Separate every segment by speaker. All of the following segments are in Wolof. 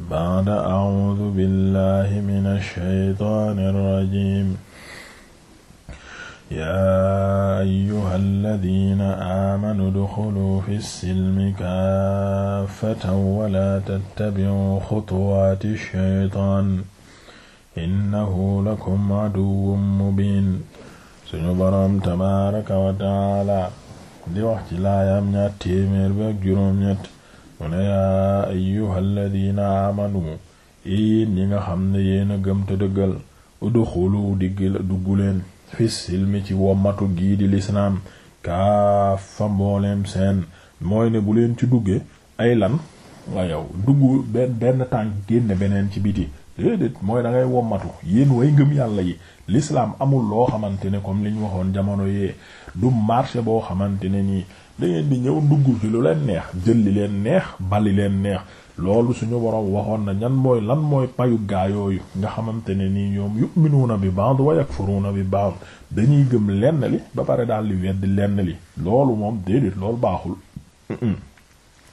Speaker 1: baada audu billahi min alsheytaan alrajim yaa ayuha alladina aamanu duxulu fi silmi kaafatan wala tattabicu xutuwaati sheytaan innahu lakum aduwwun mubin suñu boroom tabaaraka wa taala di wax ci laayaam ñaar téeméer bi ak juróom ñett mu ne yaa ayyuha alladina aamanu yéen ñi nga xam ne yéen a gëm te dëggal udxulu digg la dugg leen fi silmi ci wommatu gii di lislaam kaafa mbooleem seen mooy ne bu leen ci duggee ay lan waa yow dugg benn benn tànk génne beneen ci biti déedéet mooy da ngay wommatu yéen way ngëm yàlla yi lislaam amul loo xamante ne comme li ñu waxoon jamono yee du marché boo xamante ne nii da di ñëw dugg ci lu leen neex jël li leen neex bali leen neex loolu suñu boroom waxoon na ñan mooy lan mooy payu gaa yooyu nga xamante ne nii ñoom yu'minuuna bi ba'd wa yakfuruuna bi ba'd dañuy gëm lenn li ba pare daal di weddi lenn li loolu moom déedéet loolu baaxul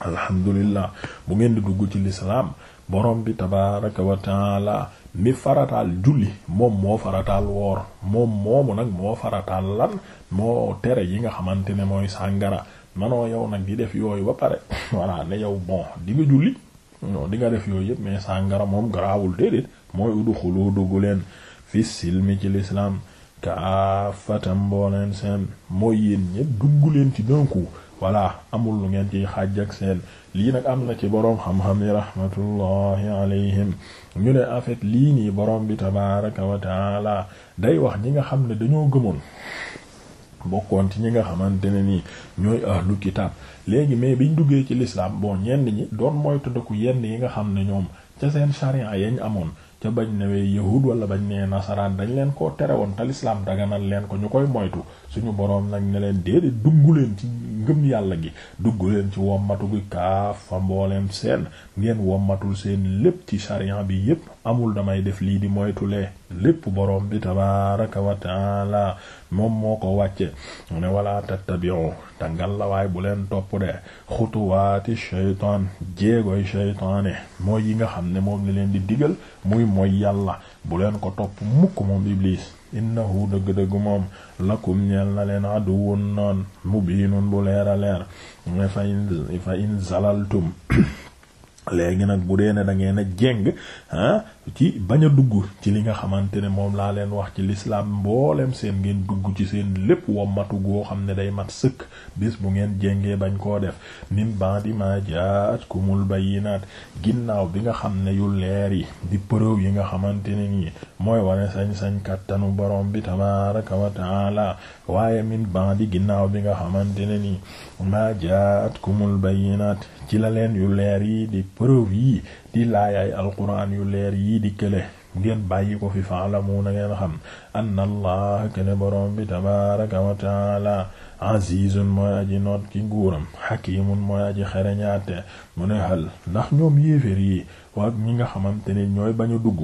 Speaker 1: alhamdulillah bu ngeen di dugg ci lislaam boroom bi tabaraka wa taala mi farataal julli moom moo farataal woor moom moomu nag moo farataal lan moo tere yi nga xamante ne mooy sàngara manoo yow nag di def yooyu ba pare voilà ne yow bon di nga julli non di nga def yooyu yëpp mais sàngara moom garaawul déedéet mooy udu xuloo dugg leen fi silmi ci l'islam kaafatam boo leen seen mooy yéen ñëpp dugg leen ci d'un coup amul lu ngeen ci xaaj ak seen lii nag am na ci boroom xam-xam yi rahmatullahi alayhim ñu ne en fait lii nii boroom bi tabaraka wa day wax ñi nga xam ne dañoo gëmoon bokkoon ci ñi nga xamante ne nii ñooy ahlu kitaab léegi mais biñ duggee ci l'islam bon ñenn ñi doon moytu moytandiku yenn yi nga xam ne ñoom ca seen charia yañ amoon ca bañ newee yahud wala bañ nee nasaraan dañ leen koo tere woon te l'islam daganal leen ko ñu koy moytu suñu boroom nag ne leen déedéet dugguleen ci ngëm yàlla gi dugg leen ci wommatu gi kaaf fa mbooleem seen ngeen wommatul seen lépp ci charia bi yépp amul damay def lii di moytulee lépp boroom bi tabaraka wa taala moom moo ko wàcce mu ne wala tattabi'u tàngal la bu leen topp de xutuwaati shaytaan jéegoy shaytaane mooy yi nga xam ne moom la leen di digal muy mooy yàlla bu leen ko topp mukk moom iblis innahu dëgg-dëgg moom lakum ñeel na leen aduwun noon mubiinun bu leer leer ne fa in fa in zalaltum léegi nag bu dee ne da ngeen a ah, ci bañ a dugg ci li nga xamante ne moom laa leen wax ci lislaam mboolem seen ngeen dugg ci seen lépp matu goo xam ne day mat sëkk bés bu ngeen jéngee bañ koo def mim bandi ma jaatkumul bayyinaat ginnaaw bi nga xam ne yu leer yi di preuve yi nga xamante ne nii mooy wane sañ-sañ kàttanu borom bi tabaraka wa taala waaye min bandi ginnaaw bi nga xamante ne nii ma jaatkumul bayyinaat ci la leen yu leer yi di preuve yi ci laayaay alquran yu leer yii di kële ngeen bàyyi ko fi faalamu na ngeen xam anna allah kene borom bi tabaraka wa taala azizun mooy aji noot ki nguuram hakimun mooy aji xereñaate mu ne hal ndax ñoom yéefér yi waak ñi nga xamante ne ñooy bañu dugg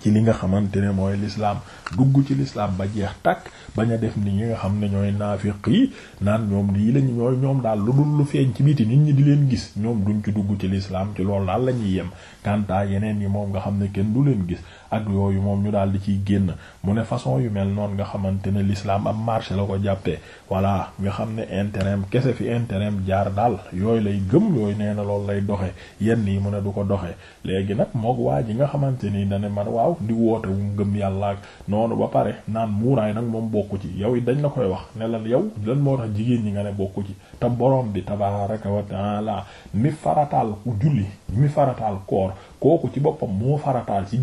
Speaker 1: ci li nga xamante ne mooy lislaam dugg ci lislaam ba jeex tàkk bañ a def ni ñi nga xam ne ñooy naafiq yi naan ñoom lii lañ ñooy ñoom daal lu dul lu feeñ ci biti nit ñi di leen gis ñoom duñ ci dugg ci lislaam ci loolu daal la ñuy yem kantaa yeneen yi moom nga xam ne kenn du leen gis ak yooyu moom ñu daal di ciy génn mu ne façon yu mel noonu nga xamante ne l'islam am marché la ko jàppee voilà nga xam ne intérêt kese fi intérêt jaar daal yooyu lay gëm yooyu nee na loolu lay doxe yenn yi mu ne du ko doxe léegi nag moog waa ji nga xamante ni dane man waaw di woote wu ngëm yàlla noonu ba pare naan muuraay nag moom bokku ci yow it dañ la koy wax ne lan yow lan moo tax jigéen ñi nga ne bokku ci te borom bi tabaraka wa taala mi farataal ku julli mi farataal koor kooku ci boppam moo farataal ci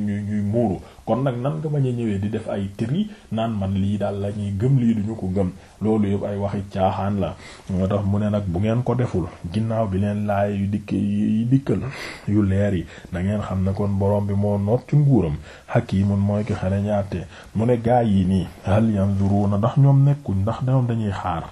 Speaker 1: ñuy ñuy muuru kon nag nan nga bañ a ñëwee di def ay tri naan man lii daal la ñuy gëm lii duñu ko gëm loolu yëpp ay waxi caaxaan la moo tax mu ne nag bu ngeen ko deful ginnaaw bi leen laay yu dikk yi dikkal yu leer yi da ngeen xam ne kon borom bi moo noot ci nguuram mun mooy ki xane ñaate mu ne gaa yi nii hal yanzuruna ndax ñoom nekkuñ ndax ñoom dañuy xaar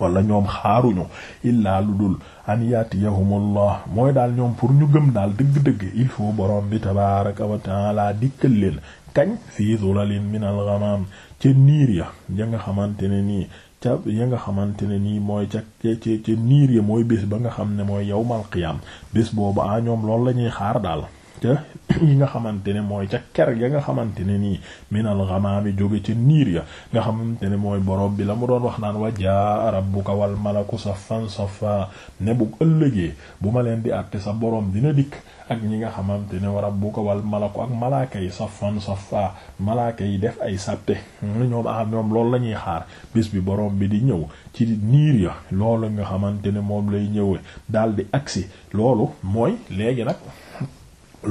Speaker 1: wala ñoom xaaruñu illaa lu dul an yatiyahumullah mooy daal ñoom pour ñu gëm daal dëgg-dëgg il faut borom bi tabaraka wa taala dikkal leen kañ fii zulalin min al-ghamam ca niir ya ya nga xamante ne nii ca ya nga xamante ne nii mooy ca ca niir ya mooy bés ba nga xam ne mooy yawmal qiyaam bés boobu a ah, ñoom loolu la ñuy xaar daal ca yi nga xamante ne mooy ca ker ya nga xamante ne nii minal ghamaami jóge ca niir ya nga xamante ne mooy borom bi la mu doon wax naan wa jaa rabbuka wal malaku saffan saffa ne bu ëllëgee bu ma leen di sa borom dina dikk ak ñi nga xamante ne wa rabbuka wal malaku ak malaaka yi saffan saffa yi def ay sàtte hmm, ñoom ah ñoom loolu la ñuy xaar bis bi boroom bi di ñëw ci niir ya loolu nga xamante ne moom lay ñëwee daal di agsi loolu mooy léegi nag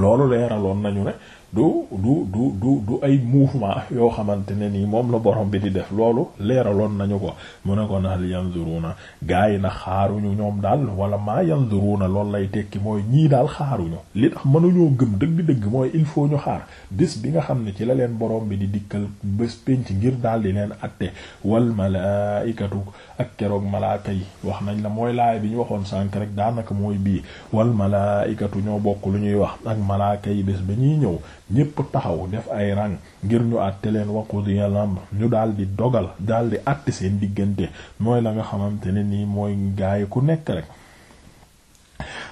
Speaker 1: loolu leeraloon nañu ne du du du du du ay mouvement yoo xamante ne nii moom la borom bi di def loolu leeraloon nañu ko mu ne ko nal yanzuruna gaa yi na xaaruñu ñoom daal wala maa yanzuruna loolu lay tekki mooy ñii daal xaaruñu li tax mënuñoo gëm dëgg-dëgg mooy il faut ñu xaar bés bi nga xam ne ci la leen borom bi di dikkal bés penc ngir daal di leen atte wal malaikatu ak keroog malaaka yi wax nañ la mooy laay bi ñu waxoon sànk rek daanaka mooy bii wal malaikatu ño bokk lu ñuy wax ak malaaka yi bés ba ñuy ñëw ñépp taxaw def ay rang ngir ñu àtte leen waqudiyal amr ñu daal di dogal daal di àtte seen diggante mooy la nga xamante ne nii mooy gaay ku nekk rek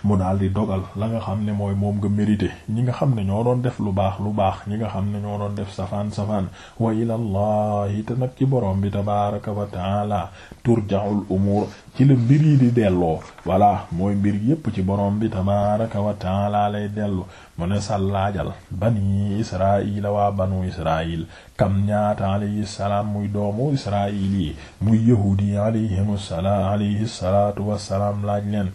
Speaker 1: mu daal di dogal la nga xam ne mooy moom nga mérité ñi nga xam ne ñoo doon def lu baax lu baax ñi nga xam ne ñoo doon def safaan safaan wa ilallahi te nag ci boroom bi tabaraka wa taala turja'ul umur ci la mbir yi di delloo wala mooy mbir yépp ci boroom bi tabaraka wa taala lay dellu mu ne sàllaajal bani israila waa banu israil kam ñaata alayhi salaam muy doomu israil yi muy yahudi alayhim alayhi salaatu wassalaam laaj leen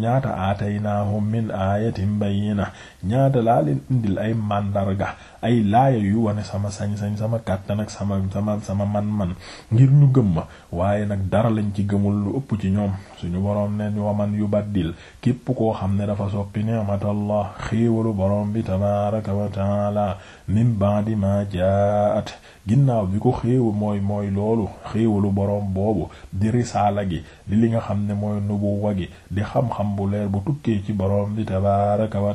Speaker 1: ñaata aataynaahum min aayatin bayyina ñaata laa leen indil ay màndarga ay laaya yu wane sama sañ-sañ sama kàttan ak sama sama sama man-man ngir ñu gëm waaye nag dara lañ ci gëmul lu ëpp ci ñoom suñu boroom ne waman yu baddil képp koo xam ne dafa soppi ni'matallah xéewalu boroom bi tabaraka wa taala min ba'di ma jaat ginnaaw bi ko xéewu mooy mooy loolu xéewalu boroom boobu di risaala gi di li nga xam ne mooy nubuwa gi di xam-xam bu leer bu tukkee ci boroom bi tabaraka wa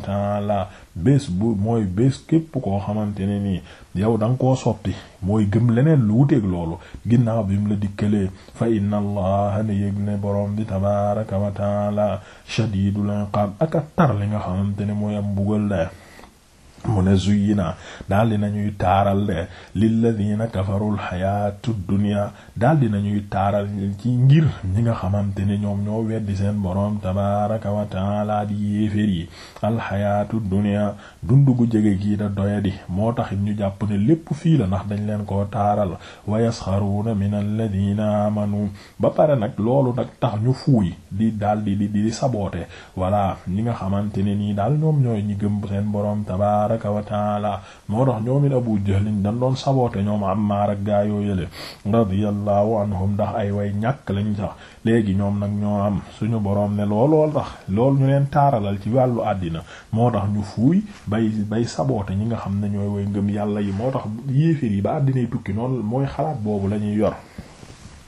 Speaker 1: maa bés bu mooy bés képp koo xamante ne nii yow danga ko koo mooy gëm leneen lu wuteeg loolu ginnaaw bi mu la dikkalee fa inna allaha ne yëg ne borom bi tabaraka wa taala shadidul iqab ak a tar li nga xamante ne mooy am mbugal la mu ne zuyina daal di nañuy taaral de lilladina kafaru alxayatu dunia daal di nañuy taaral ci ngir ñi nga xamante ne ñoom ñoo weddi seen boroom tabaraka wa taala di yéeféer yi alxayatu dunia dund gu jege gii da doyadi moo tax ñu jàpp ne lépp fii la ndax dañ leen koo taaral wa yasxaruuna min alladina amanu ba pare nag loolu nag tax ñu fuuy di daal di di saboote voilà ñi nga xamante ne nii daal ñoom ñooy ñi gëm seen boroom tabaar tabaraka wa taala moo tax ñoomin Abu Jahlin dañ doon saboote ñoom Ammaar ak gaayoo yële radiyallahu anhum ndax ay way ñàkk lañ sax léegi ñoom nag ñoo am suñu boroom ne loolool tax lool ñu leen taaralal ci wàllu àddina moo tax ñu fuuy bay bay saboote ñi nga xam ne ñooy way ngëm yàlla yi moo tax yéeféer yi ba àddinay tukki noonu mooy xalaat boobu lañuy yor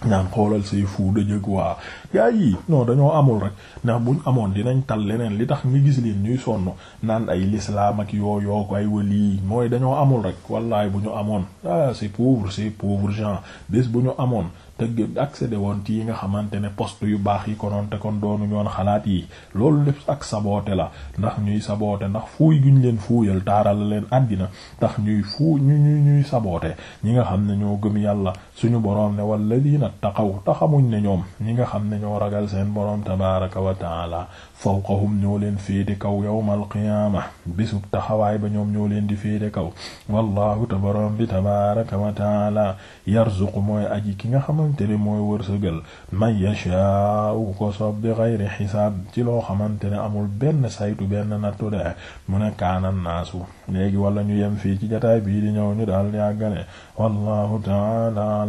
Speaker 1: naan xoolal say fuuda jëg waa gaa yi non dañoo amul rek ndax bu ñu amoon dinañ tal leneen li tax nga gis leen ñuy sonn naan ay lislaam ak yoo yoo ay wali mooy dañoo amul rek wallaay bu ñu amoon ah c'est pauvre c'est pauvre gens bés bu ñu amoon te accédé woon ci yi nga xamante ne poste yu baax yi konoon te kon doonu ñoon xalaat yi loolu lépp ak saboote la ndax ñuy saboote ndax fuuy guñ leen fuuyal taaral leen àddina tax ñuy fuu ñu ñuy saboote ñi nga xam ne gëm yàlla suñu boroom ne walladina taqaw te xamuñ ne ñoom ñi nga xam ne ñoo ragal seen boroom tabaraka wa taala fawqahum ñoo leen féete kaw yawmal qiyaama bésub taxawaay ba ñoom ñoo leen di féete kaw wallahu te boroom bi tabaraka wa taala yarzuqu mooy aji ki nga xamante ne mooy wërsëgal man yashaa'u ko sob bi xayri xisaab ci loo xamante ne amul benn saytu benn nattu de mu ne kaanan naasu léegi wala ñu yem fii ci jataay bii di ñëw ñu daal di àggale wallahu taala